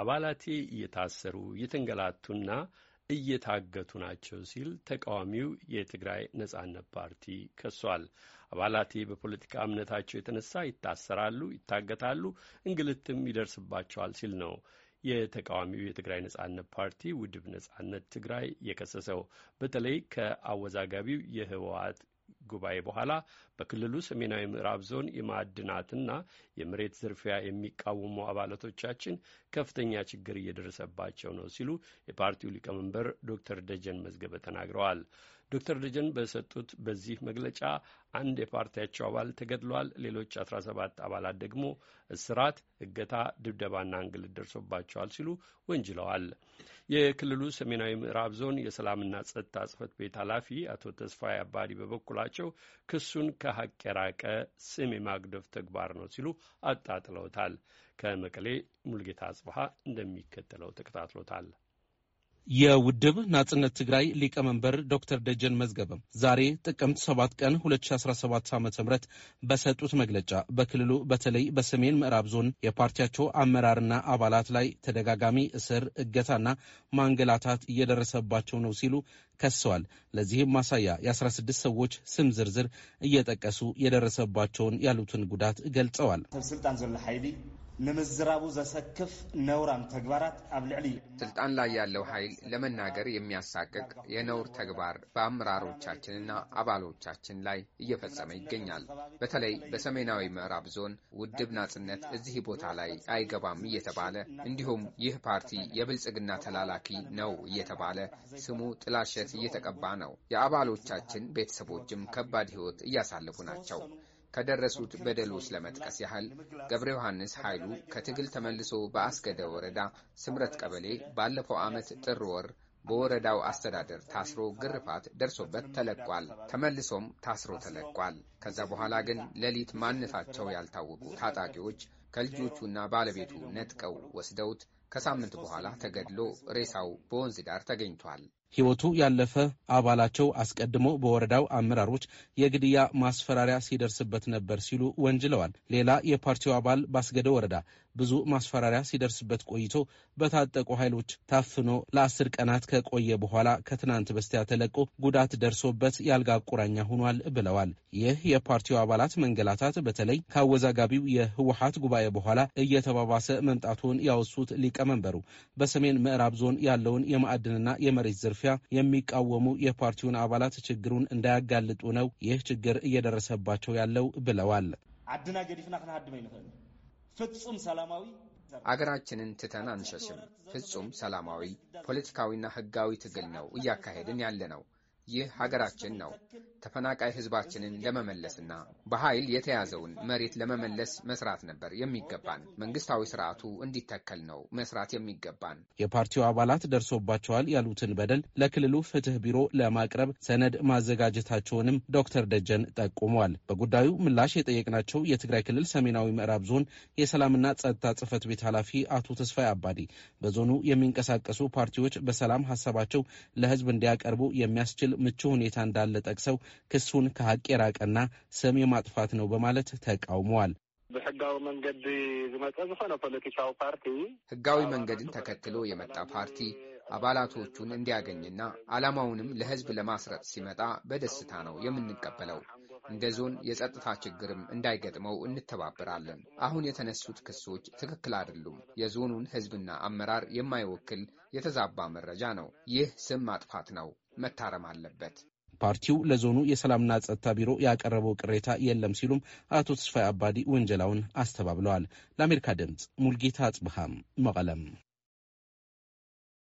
አባላቴ እየታሰሩ እየተንገላቱና እየታገቱ ናቸው ሲል ተቃዋሚው የትግራይ ነጻነት ፓርቲ ከሷል። አባላቴ በፖለቲካ እምነታቸው የተነሳ ይታሰራሉ፣ ይታገታሉ፣ እንግልትም ይደርስባቸዋል ሲል ነው የተቃዋሚው የትግራይ ነጻነት ፓርቲ ውድብ ነጻነት ትግራይ የከሰሰው። በተለይ ከአወዛጋቢው የህወሓት ጉባኤ በኋላ በክልሉ ሰሜናዊ ምዕራብ ዞን የማዕድናትና የመሬት ዝርፊያ የሚቃወሙ አባላቶቻችን ከፍተኛ ችግር እየደረሰባቸው ነው ሲሉ የፓርቲው ሊቀመንበር ዶክተር ደጀን መዝገበ ተናግረዋል። ዶክተር ደጀን በሰጡት በዚህ መግለጫ አንድ የፓርቲያቸው አባል ተገድሏል፣ ሌሎች 17 አባላት ደግሞ እስራት፣ እገታ፣ ድብደባና እንግልት ደርሶባቸዋል ሲሉ ወንጅለዋል። የክልሉ ሰሜናዊ ምዕራብ ዞን የሰላምና ጸጥታ ጽህፈት ቤት ኃላፊ አቶ ተስፋይ አባዲ በበኩላቸው ክሱን ከሀቅ የራቀ ስም የማግደፍ ተግባር ነው ሲሉ አጣጥለውታል። ከመቀሌ ሙልጌታ አጽብሃ እንደሚከተለው ተከታትሎታል። የውድብ ናጽነት ትግራይ ሊቀመንበር ዶክተር ደጀን መዝገበም ዛሬ ጥቅምት 7 ቀን 2017 ዓ ም በሰጡት መግለጫ በክልሉ በተለይ በሰሜን ምዕራብ ዞን የፓርቲያቸው አመራርና አባላት ላይ ተደጋጋሚ እስር፣ እገታና ማንገላታት እየደረሰባቸው ነው ሲሉ ከሰዋል። ለዚህም ማሳያ የ16 ሰዎች ስም ዝርዝር እየጠቀሱ የደረሰባቸውን ያሉትን ጉዳት ገልጸዋል። ንምዝራቡ ዘሰክፍ ነውራን ተግባራት ኣብ ልዕሊ ስልጣን ላይ ያለው ኃይል ለመናገር የሚያሳቅቅ የነውር ተግባር በአመራሮቻችንና አባሎቻችን ላይ እየፈጸመ ይገኛል። በተለይ በሰሜናዊ ምዕራብ ዞን ውድብ ናጽነት እዚህ ቦታ ላይ አይገባም እየተባለ እንዲሁም ይህ ፓርቲ የብልጽግና ተላላኪ ነው እየተባለ ስሙ ጥላሸት እየተቀባ ነው። የአባሎቻችን ቤተሰቦችም ከባድ ሕይወት እያሳለፉ ናቸው። ከደረሱት በደሎች ለመጥቀስ ያህል ገብረ ዮሐንስ ኃይሉ ከትግል ተመልሶ በአስገደ ወረዳ ስምረት ቀበሌ ባለፈው ዓመት ጥር ወር በወረዳው አስተዳደር ታስሮ ግርፋት ደርሶበት ተለቋል። ተመልሶም ታስሮ ተለቋል። ከዛ በኋላ ግን ሌሊት ማንነታቸው ያልታወቁ ታጣቂዎች ከልጆቹና ባለቤቱ ነጥቀው ወስደውት ከሳምንት በኋላ ተገድሎ ሬሳው በወንዝ ዳር ተገኝቷል። ሕይወቱ ያለፈ አባላቸው አስቀድሞ በወረዳው አመራሮች የግድያ ማስፈራሪያ ሲደርስበት ነበር ሲሉ ወንጅለዋል። ሌላ የፓርቲው አባል ባስገደ ወረዳ ብዙ ማስፈራሪያ ሲደርስበት ቆይቶ በታጠቁ ኃይሎች ታፍኖ ለአስር ቀናት ከቆየ በኋላ ከትናንት በስቲያ ተለቆ ጉዳት ደርሶበት ያልጋ ቁራኛ ሆኗል ብለዋል። ይህ የፓርቲው አባላት መንገላታት በተለይ ከአወዛጋቢው የህወሀት ጉባኤ ካየ በኋላ እየተባባሰ መምጣቱን ያወሱት ሊቀመንበሩ በሰሜን ምዕራብ ዞን ያለውን የማዕድንና የመሬት ዝርፊያ የሚቃወሙ የፓርቲውን አባላት ችግሩን እንዳያጋልጡ ነው ይህ ችግር እየደረሰባቸው ያለው ብለዋል። አድና ገዲፍና ክናሃድመ ይንክእል ፍጹም ሰላማዊ አገራችንን ትተን አንሸሽም። ፍጹም ሰላማዊ ፖለቲካዊና ሕጋዊ ትግል ነው እያካሄድን ያለ ነው። ይህ ሀገራችን ነው። ተፈናቃይ ህዝባችንን ለመመለስና በኃይል የተያዘውን መሬት ለመመለስ መስራት ነበር የሚገባን። መንግስታዊ ስርዓቱ እንዲተከል ነው መስራት የሚገባን። የፓርቲው አባላት ደርሶባቸዋል ያሉትን በደል ለክልሉ ፍትህ ቢሮ ለማቅረብ ሰነድ ማዘጋጀታቸውንም ዶክተር ደጀን ጠቁመዋል። በጉዳዩ ምላሽ የጠየቅናቸው የትግራይ ክልል ሰሜናዊ ምዕራብ ዞን የሰላምና ጸጥታ ጽህፈት ቤት ኃላፊ አቶ ተስፋይ አባዲ በዞኑ የሚንቀሳቀሱ ፓርቲዎች በሰላም ሀሳባቸው ለህዝብ እንዲያቀርቡ የሚያስችል ምቹ ሁኔታ እንዳለ ጠቅሰው ክሱን ከሀቅ የራቀና ስም የማጥፋት ነው በማለት ተቃውመዋል። ብሕጋዊ መንገድ ዝመፀ ዝኾነ ፖለቲካዊ ፓርቲ ሕጋዊ መንገድን ተከትሎ የመጣ ፓርቲ አባላቶቹን እንዲያገኝና ዓላማውንም ለህዝብ ለማስረጥ ሲመጣ በደስታ ነው የምንቀበለው። እንደ ዞን የጸጥታ ችግርም እንዳይገጥመው እንተባበራለን። አሁን የተነሱት ክሶች ትክክል አይደሉም። የዞኑን ህዝብና አመራር የማይወክል የተዛባ መረጃ ነው። ይህ ስም ማጥፋት ነው። መታረም አለበት። ፓርቲው ለዞኑ የሰላምና ጸጥታ ቢሮ ያቀረበው ቅሬታ የለም ሲሉም አቶ ተስፋይ አባዲ ወንጀላውን አስተባብለዋል። ለአሜሪካ ድምፅ ሙልጌታ አጽብሃም መቀለም